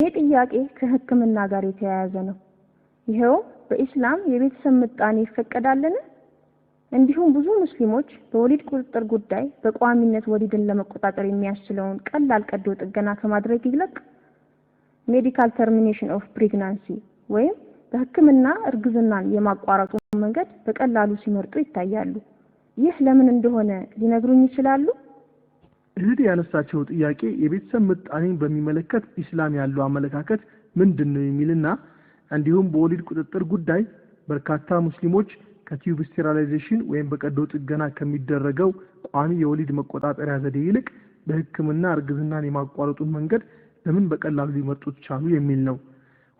ይህ ጥያቄ ከሕክምና ጋር የተያያዘ ነው። ይኸውም በኢስላም የቤተሰብ ምጣኔ ይፈቀዳልን? እንዲሁም ብዙ ሙስሊሞች በወሊድ ቁጥጥር ጉዳይ በቋሚነት ወሊድን ለመቆጣጠር የሚያስችለውን ቀላል ቀዶ ጥገና ከማድረግ ይልቅ ሜዲካል ተርሚኔሽን ኦፍ ፕሬግናንሲ ወይም በሕክምና እርግዝናን የማቋረጡ መንገድ በቀላሉ ሲመርጡ ይታያሉ። ይህ ለምን እንደሆነ ሊነግሩኝ ይችላሉ? እህቴ ያነሳቸው ጥያቄ የቤተሰብ ምጣኔን በሚመለከት ኢስላም ያለው አመለካከት ምንድን ነው የሚልና እንዲሁም በወሊድ ቁጥጥር ጉዳይ በርካታ ሙስሊሞች ከቲዩብ ስቴራላይዜሽን ወይም በቀዶ ጥገና ከሚደረገው ቋሚ የወሊድ መቆጣጠሪያ ዘዴ ይልቅ በሕክምና እርግዝናን የማቋረጡን መንገድ ለምን በቀላሉ ሊመርጡት ቻሉ የሚል ነው።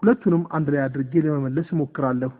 ሁለቱንም አንድ ላይ አድርጌ ለመመለስ እሞክራለሁ።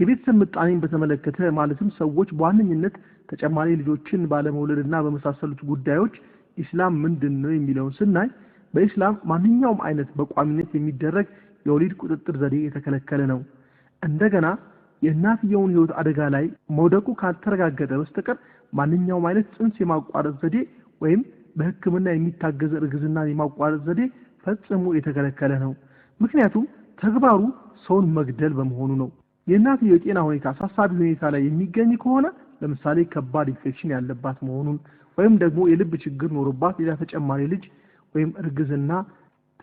የቤተሰብ ምጣኔን በተመለከተ ማለትም ሰዎች በዋነኝነት ተጨማሪ ልጆችን ባለመውለድና በመሳሰሉት ጉዳዮች ኢስላም ምንድን ነው የሚለውን ስናይ በኢስላም ማንኛውም አይነት በቋሚነት የሚደረግ የወሊድ ቁጥጥር ዘዴ የተከለከለ ነው። እንደገና የእናትየውን ህይወት አደጋ ላይ መውደቁ ካልተረጋገጠ በስተቀር ማንኛውም አይነት ጽንስ የማቋረጥ ዘዴ ወይም በሕክምና የሚታገዝ እርግዝና የማቋረጥ ዘዴ ፈጽሞ የተከለከለ ነው። ምክንያቱም ተግባሩ ሰውን መግደል በመሆኑ ነው። የእናትየው የጤና ሁኔታ አሳሳቢ ሁኔታ ላይ የሚገኝ ከሆነ ለምሳሌ ከባድ ኢንፌክሽን ያለባት መሆኑን ወይም ደግሞ የልብ ችግር ኖሮባት ሌላ ተጨማሪ ልጅ ወይም እርግዝና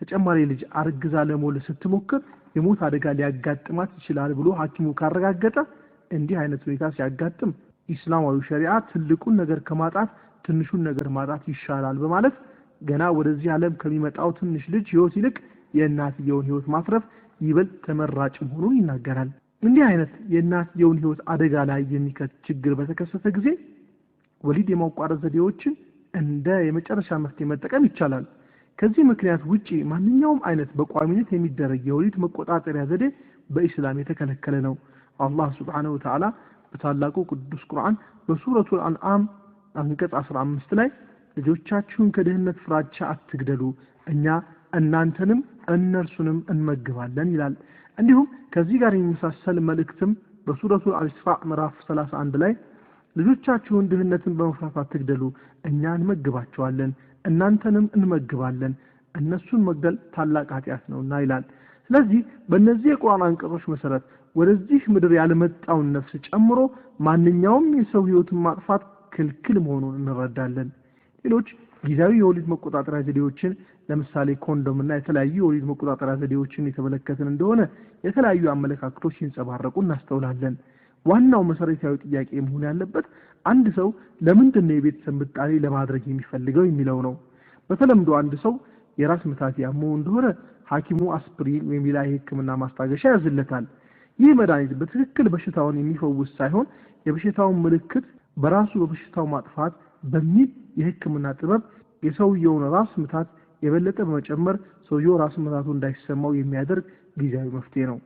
ተጨማሪ ልጅ አርግዛ ለመውለድ ስትሞክር የሞት አደጋ ሊያጋጥማት ይችላል ብሎ ሐኪሙ ካረጋገጠ እንዲህ አይነት ሁኔታ ሲያጋጥም ኢስላማዊ ሸሪዓ ትልቁን ነገር ከማጣት ትንሹን ነገር ማጣት ይሻላል በማለት ገና ወደዚህ ዓለም ከሚመጣው ትንሽ ልጅ ህይወት ይልቅ የእናትየውን ህይወት ማትረፍ ይበልጥ ተመራጭ መሆኑን ይናገራል። እንዲህ አይነት የእናትየውን ህይወት አደጋ ላይ የሚከት ችግር በተከሰተ ጊዜ ወሊድ የማቋረጥ ዘዴዎችን እንደ የመጨረሻ መፍትሄ መጠቀም ይቻላል። ከዚህ ምክንያት ውጪ ማንኛውም አይነት በቋሚነት የሚደረግ የወሊድ መቆጣጠሪያ ዘዴ በኢስላም የተከለከለ ነው። አላህ ስብሓነሁ ወተዓላ በታላቁ ቅዱስ ቁርአን በሱረቱል አንዓም አንቀጽ 15 ላይ ልጆቻችሁን ከድህነት ፍራቻ አትግደሉ፣ እኛ እናንተንም እነርሱንም እንመግባለን ይላል። እንዲሁም ከዚህ ጋር የሚመሳሰል መልእክትም በሱረቱ አልኢስራ ምዕራፍ 31 ላይ ልጆቻችሁን ድህነትን በመፍራፋት ትግደሉ፣ እኛ እንመግባቸዋለን፣ እናንተንም እንመግባለን፣ እነሱን መግደል ታላቅ ኃጢአት ነውና ይላል። ስለዚህ በእነዚህ የቁርአን አንቀጾች መሰረት ወደዚህ ምድር ያልመጣውን ነፍስ ጨምሮ ማንኛውም የሰው ህይወትን ማጥፋት ክልክል መሆኑን እንረዳለን። ሌሎች ጊዜያዊ የወሊድ መቆጣጠሪያ ዘዴዎችን ለምሳሌ እና የተለያዩ የወሊድ መቆጣጠሪያ ዘዴዎችን የተመለከትን እንደሆነ የተለያዩ አመለካከቶች ሲንጸባረቁ እናስተውላለን። ዋናው መሰረታዊ ጥያቄ መሆን ያለበት አንድ ሰው ለምንድን ነው የቤተሰብ ምጣኔ ለማድረግ የሚፈልገው የሚለው ነው። በተለምዶ አንድ ሰው የራስ ምታት ያመው እንደሆነ ሐኪሙ አስፕሪን ወይም ሌላ የሕክምና ማስታገሻ ያዝለታል። ይህ መድኃኒት በትክክል በሽታውን የሚፈውስ ሳይሆን የበሽታውን ምልክት በራሱ በበሽታው ማጥፋት በሚል የሕክምና ጥበብ የሰውየውን ራስ ምታት የበለጠ በመጨመር ሰውየው ራስ ምታቱ እንዳይሰማው የሚያደርግ ጊዜያዊ መፍትሄ ነው።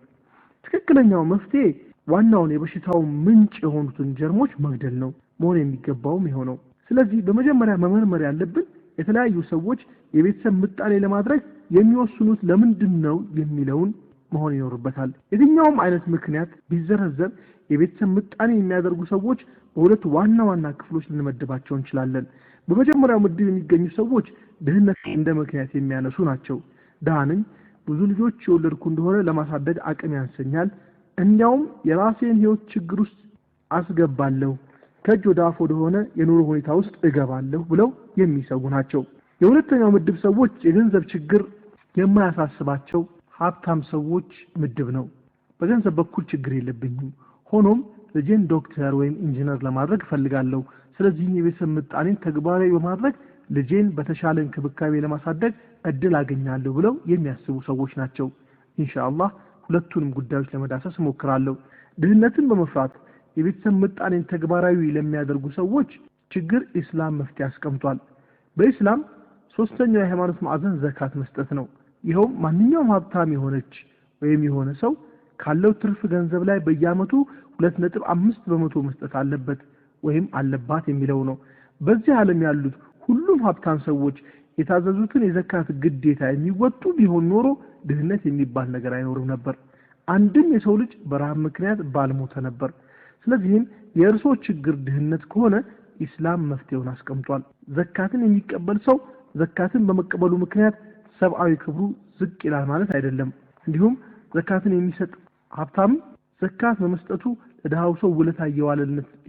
ትክክለኛው መፍትሄ ዋናውን የበሽታው ምንጭ የሆኑትን ጀርሞች መግደል ነው መሆን የሚገባውም የሆነው። ስለዚህ በመጀመሪያ መመርመር ያለብን የተለያዩ ሰዎች የቤተሰብ ምጣኔ ለማድረግ የሚወስኑት ለምንድን ነው የሚለውን መሆን ይኖርበታል። የትኛውም አይነት ምክንያት ቢዘረዘር የቤተሰብ ምጣኔ የሚያደርጉ ሰዎች በሁለት ዋና ዋና ክፍሎች ልንመድባቸው እንችላለን። በመጀመሪያው ምድብ የሚገኙ ሰዎች ድህነት እንደ ምክንያት የሚያነሱ ናቸው። ድሃ ነኝ፣ ብዙ ልጆች የወለድኩ እንደሆነ ለማሳደግ አቅም ያንሰኛል እንዲያውም የራሴን ህይወት ችግር ውስጥ አስገባለሁ፣ ከእጅ ወደ አፍ ወደሆነ የኑሮ ሁኔታ ውስጥ እገባለሁ ብለው የሚሰጉ ናቸው። የሁለተኛው ምድብ ሰዎች የገንዘብ ችግር የማያሳስባቸው ሀብታም ሰዎች ምድብ ነው። በገንዘብ በኩል ችግር የለብኝም፣ ሆኖም ልጄን ዶክተር ወይም ኢንጂነር ለማድረግ እፈልጋለሁ። ስለዚህ የቤተሰብ ምጣኔን ተግባራዊ በማድረግ ልጄን በተሻለ እንክብካቤ ለማሳደግ እድል አገኛለሁ ብለው የሚያስቡ ሰዎች ናቸው። አላህ ሁለቱንም ጉዳዮች ለመዳሰስ እሞክራለሁ። ድህነትን በመፍራት የቤተሰብ ምጣኔን ተግባራዊ ለሚያደርጉ ሰዎች ችግር ኢስላም መፍትሄ አስቀምጧል። በኢስላም ሶስተኛው የሃይማኖት ማዕዘን ዘካት መስጠት ነው። ይኸውም ማንኛውም ሀብታም የሆነች ወይም የሆነ ሰው ካለው ትርፍ ገንዘብ ላይ በየዓመቱ ሁለት ነጥብ አምስት በመቶ መስጠት አለበት ወይም አለባት የሚለው ነው። በዚህ ዓለም ያሉት ሁሉም ሀብታም ሰዎች የታዘዙትን የዘካት ግዴታ የሚወጡ ቢሆን ኖሮ ድህነት የሚባል ነገር አይኖርም ነበር። አንድም የሰው ልጅ በረሃብ ምክንያት ባልሞተ ነበር። ስለዚህም የእርሶ ችግር ድህነት ከሆነ ኢስላም መፍትሄውን አስቀምጧል። ዘካትን የሚቀበል ሰው ዘካትን በመቀበሉ ምክንያት ሰብአዊ ክብሩ ዝቅ ይላል ማለት አይደለም። እንዲሁም ዘካትን የሚሰጥ ሀብታም ዘካት በመስጠቱ ለድሃው ሰው ውለታ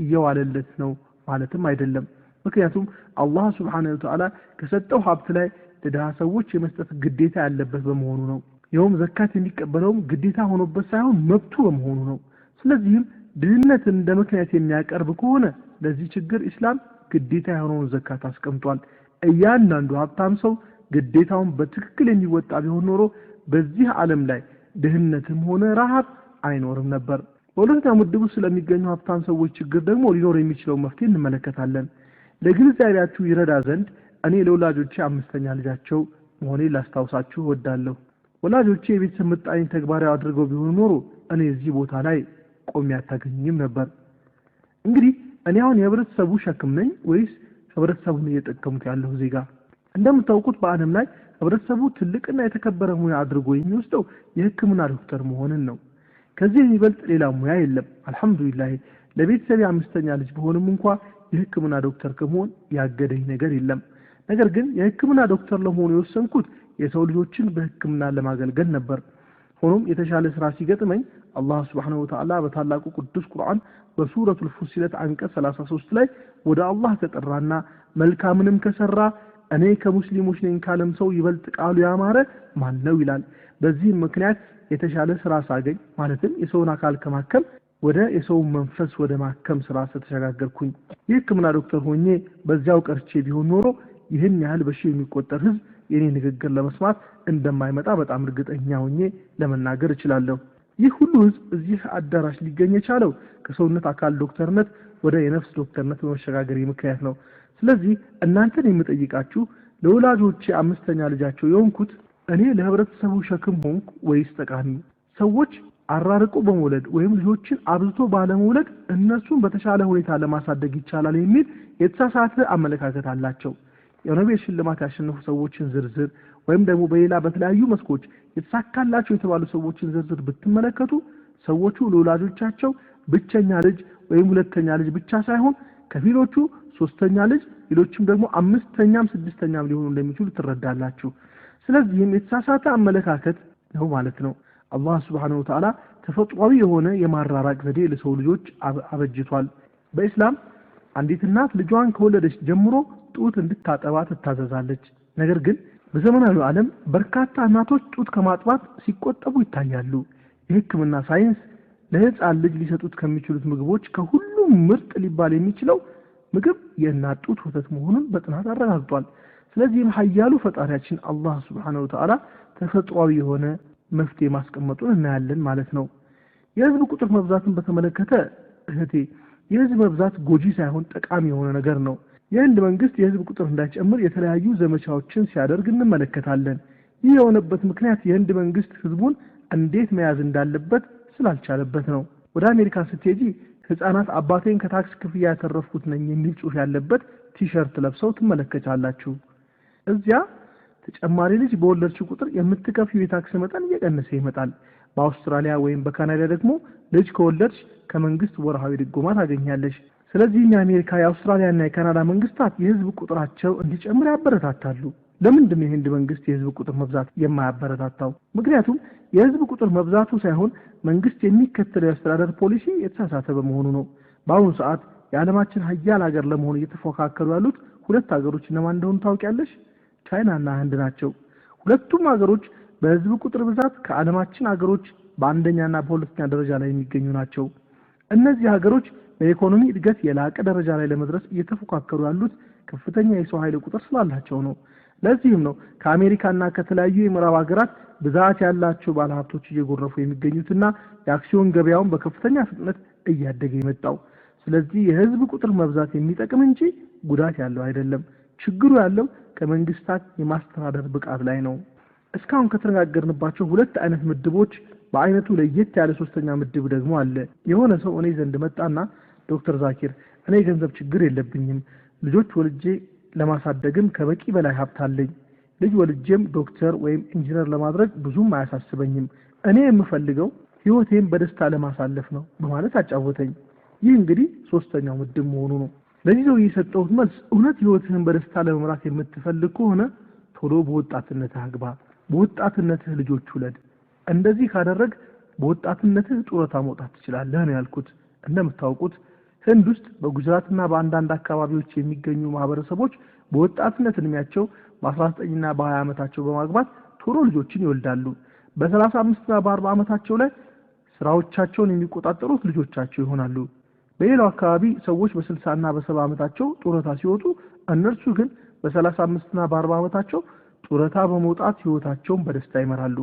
እየዋለለት ነው ማለትም አይደለም። ምክንያቱም አላህ ስብሓነሁ ወተዓላ ከሰጠው ሀብት ላይ ለድሃ ሰዎች የመስጠት ግዴታ ያለበት በመሆኑ ነው። ይኸውም ዘካት የሚቀበለውም ግዴታ ሆኖበት ሳይሆን መብቱ በመሆኑ ነው። ስለዚህም ድህነትን እንደ ምክንያት የሚያቀርብ ከሆነ ለዚህ ችግር ኢስላም ግዴታ የሆነውን ዘካት አስቀምጧል። እያንዳንዱ ሀብታም ሰው ግዴታውን በትክክል የሚወጣ ቢሆን ኖሮ በዚህ ዓለም ላይ ድህነትም ሆነ ረሃብ አይኖርም ነበር። በሁለተኛው ምድብ ውስጥ ስለሚገኙ ሀብታም ሰዎች ችግር ደግሞ ሊኖር የሚችለው መፍትሄ እንመለከታለን። ለግንዛቤያችሁ ይረዳ ዘንድ እኔ ለወላጆቼ አምስተኛ ልጃቸው መሆኔ ላስታውሳችሁ እወዳለሁ። ወላጆቼ የቤተሰብ ምጣኔ ተግባራዊ አድርገው ቢሆን ኖሮ እኔ እዚህ ቦታ ላይ ቆሜ አታገኝም ነበር። እንግዲህ እኔ አሁን የህብረተሰቡ ሸክም ነኝ ወይስ ህብረተሰቡን እየጠቀሙት ያለሁ ዜጋ? እንደምታውቁት በዓለም ላይ ህብረተሰቡ ትልቅና የተከበረ ሙያ አድርጎ የሚወስደው የህክምና ዶክተር መሆንን ነው። ከዚህ የሚበልጥ ሌላ ሙያ የለም። አልሐምዱሊላህ ለቤተሰብ አምስተኛ ልጅ በሆንም እንኳ የህክምና ዶክተር ከመሆን ያገደኝ ነገር የለም። ነገር ግን የህክምና ዶክተር ለመሆኑ የወሰንኩት የሰው ልጆችን በህክምና ለማገልገል ነበር። ሆኖም የተሻለ ስራ ሲገጥመኝ አላህ ስብሓነሁ ወተዓላ በታላቁ ቅዱስ ቁርአን በሱረቱል ፉሲለት አንቀጽ 33 ላይ ወደ አላህ ከጠራና መልካምንም ከሰራ እኔ ከሙስሊሞች ነኝ ካለም ሰው ይበልጥ ቃሉ ያማረ ማን ነው ይላል። በዚህም ምክንያት የተሻለ ስራ ሳገኝ ማለትም የሰውን አካል ከማከም ወደ የሰውን መንፈስ ወደ ማከም ስራ ስተሸጋገርኩኝ የህክምና ዶክተር ሆኜ በዚያው ቀርቼ ቢሆን ኖሮ ይህን ያህል በሺ የሚቆጠር ህዝብ የኔ ንግግር ለመስማት እንደማይመጣ በጣም እርግጠኛ ሆኜ ለመናገር እችላለሁ። ይህ ሁሉ ህዝብ እዚህ አዳራሽ ሊገኝ የቻለው ከሰውነት አካል ዶክተርነት ወደ የነፍስ ዶክተርነት በመሸጋገር ምክንያት ነው። ስለዚህ እናንተን የምጠይቃችሁ ለወላጆቼ አምስተኛ ልጃቸው የሆንኩት እኔ ለህብረተሰቡ ሸክም ሆንኩ ወይስ ጠቃሚ? ሰዎች አራርቆ በመውለድ ወይም ልጆችን አብዝቶ ባለመውለድ እነሱን በተሻለ ሁኔታ ለማሳደግ ይቻላል የሚል የተሳሳተ አመለካከት አላቸው። የኖቤል ሽልማት ያሸነፉ ሰዎችን ዝርዝር ወይም ደግሞ በሌላ በተለያዩ መስኮች የተሳካላቸው የተባሉ ሰዎችን ዝርዝር ብትመለከቱ ሰዎቹ ለወላጆቻቸው ብቸኛ ልጅ ወይም ሁለተኛ ልጅ ብቻ ሳይሆን ከፊሎቹ ሶስተኛ ልጅ፣ ሌሎችም ደግሞ አምስተኛም ስድስተኛም ሊሆኑ እንደሚችሉ ትረዳላችሁ። ስለዚህም የተሳሳተ አመለካከት ነው ማለት ነው። አላህ ስብሓነሁ ወተዓላ ተፈጥሯዊ የሆነ የማራራቅ ዘዴ ለሰው ልጆች አበጅቷል። በኢስላም አንዲት እናት ልጇን ከወለደች ጀምሮ ጡት እንድታጠባ ትታዘዛለች። ነገር ግን በዘመናዊው ዓለም በርካታ እናቶች ጡት ከማጥባት ሲቆጠቡ ይታያሉ። የሕክምና ሳይንስ ለሕፃን ልጅ ሊሰጡት ከሚችሉት ምግቦች ከሁሉም ምርጥ ሊባል የሚችለው ምግብ የእናት ጡት ወተት መሆኑን በጥናት አረጋግጧል። ስለዚህም ኃያሉ ፈጣሪያችን አላህ ሱብሓነሁ ወተዓላ ተፈጥሯዊ የሆነ መፍትሄ ማስቀመጡን እናያለን ማለት ነው። የህዝብ ቁጥር መብዛትን በተመለከተ እህቴ፣ የህዝብ መብዛት ጎጂ ሳይሆን ጠቃሚ የሆነ ነገር ነው። የህንድ መንግስት የህዝብ ቁጥር እንዳይጨምር የተለያዩ ዘመቻዎችን ሲያደርግ እንመለከታለን። ይህ የሆነበት ምክንያት የህንድ መንግስት ህዝቡን እንዴት መያዝ እንዳለበት ስላልቻለበት ነው። ወደ አሜሪካ ስትሄጂ ህጻናት አባቴን ከታክስ ክፍያ ያተረፍኩት ነኝ የሚል ጽሑፍ ያለበት ቲሸርት ለብሰው ትመለከቻላችሁ። እዚያ ተጨማሪ ልጅ በወለድች ቁጥር የምትከፍዩ የታክስ መጠን እየቀነሰ ይመጣል። በአውስትራሊያ ወይም በካናዳ ደግሞ ልጅ ከወለድች ከመንግስት ወርሃዊ ድጎማ ታገኛለች። ስለዚህ የአሜሪካ የአውስትራሊያና የካናዳ መንግስታት የህዝብ ቁጥራቸው እንዲጨምር ያበረታታሉ። ለምንድን የህንድ መንግስት የህዝብ ቁጥር መብዛት የማያበረታታው? ምክንያቱም የህዝብ ቁጥር መብዛቱ ሳይሆን መንግስት የሚከተለው የአስተዳደር ፖሊሲ የተሳሳተ በመሆኑ ነው። በአሁኑ ሰዓት የዓለማችን ሀያል ሀገር ለመሆን እየተፎካከሉ ያሉት ሁለት ሀገሮች እነማን እንደሆኑ ታውቂያለሽ? ቻይናና ህንድ ናቸው። ሁለቱም ሀገሮች በህዝብ ቁጥር ብዛት ከዓለማችን ሀገሮች በአንደኛና በሁለተኛ ደረጃ ላይ የሚገኙ ናቸው። እነዚህ ሀገሮች በኢኮኖሚ እድገት የላቀ ደረጃ ላይ ለመድረስ እየተፎካከሩ ያሉት ከፍተኛ የሰው ኃይል ቁጥር ስላላቸው ነው። ለዚህም ነው ከአሜሪካና ከተለያዩ የምዕራብ ሀገራት ብዛት ያላቸው ባለሀብቶች እየጎረፉ የሚገኙትና የአክሲዮን ገበያውን በከፍተኛ ፍጥነት እያደገ የመጣው። ስለዚህ የህዝብ ቁጥር መብዛት የሚጠቅም እንጂ ጉዳት ያለው አይደለም። ችግሩ ያለው ከመንግስታት የማስተዳደር ብቃት ላይ ነው። እስካሁን ከተነጋገርንባቸው ሁለት አይነት ምድቦች በአይነቱ ለየት ያለ ሶስተኛ ምድብ ደግሞ አለ። የሆነ ሰው እኔ ዘንድ መጣና ዶክተር ዛኪር እኔ የገንዘብ ችግር የለብኝም፣ ልጆች ወልጄ ለማሳደግም ከበቂ በላይ ሀብት አለኝ። ልጅ ወልጄም ዶክተር ወይም ኢንጂነር ለማድረግ ብዙም አያሳስበኝም። እኔ የምፈልገው ህይወቴን በደስታ ለማሳለፍ ነው በማለት አጫወተኝ። ይህ እንግዲህ ሶስተኛው ምድብ መሆኑ ነው። ለዚህ ሰው የሰጠሁት መልስ እውነት ህይወትህን በደስታ ለመምራት የምትፈልግ ከሆነ ቶሎ በወጣትነትህ አግባ፣ በወጣትነትህ ልጆች ውለድ። እንደዚህ ካደረግ በወጣትነትህ ጡረታ መውጣት ትችላለህ ነው ያልኩት። እንደምታውቁት ህንድ ውስጥ በጉጅራትና በአንዳንድ አካባቢዎች የሚገኙ ማህበረሰቦች በወጣትነት እድሜያቸው በ19ና በ20 ዓመታቸው በማግባት ቶሎ ልጆችን ይወልዳሉ። በ35ና በ40 ዓመታቸው ላይ ስራዎቻቸውን የሚቆጣጠሩት ልጆቻቸው ይሆናሉ። በሌላው አካባቢ ሰዎች በ60ና በ70 ዓመታቸው ጡረታ ሲወጡ እነርሱ ግን በ35ና በ40 ዓመታቸው ጡረታ በመውጣት ህይወታቸውን በደስታ ይመራሉ።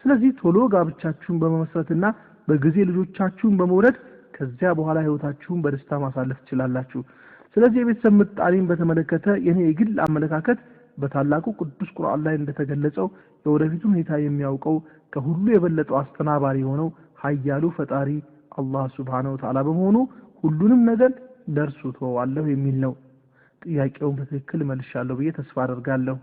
ስለዚህ ቶሎ ጋብቻችሁን በመመስረትና በጊዜ ልጆቻችሁን በመውለድ ከዚያ በኋላ ህይወታችሁን በደስታ ማሳለፍ ትችላላችሁ። ስለዚህ የቤተሰብ ምጣኔን በተመለከተ የኔ የግል አመለካከት በታላቁ ቅዱስ ቁርአን ላይ እንደተገለጸው የወደፊቱን ሁኔታ የሚያውቀው ከሁሉ የበለጠው አስተናባሪ የሆነው ሀያሉ ፈጣሪ አላህ ሱብሓነሁ ወተዓላ በመሆኑ ሁሉንም ነገር ለእርሱ ተወዋለሁ የሚል ነው። ጥያቄውን በትክክል መልሻለሁ ብዬ ተስፋ አደርጋለሁ።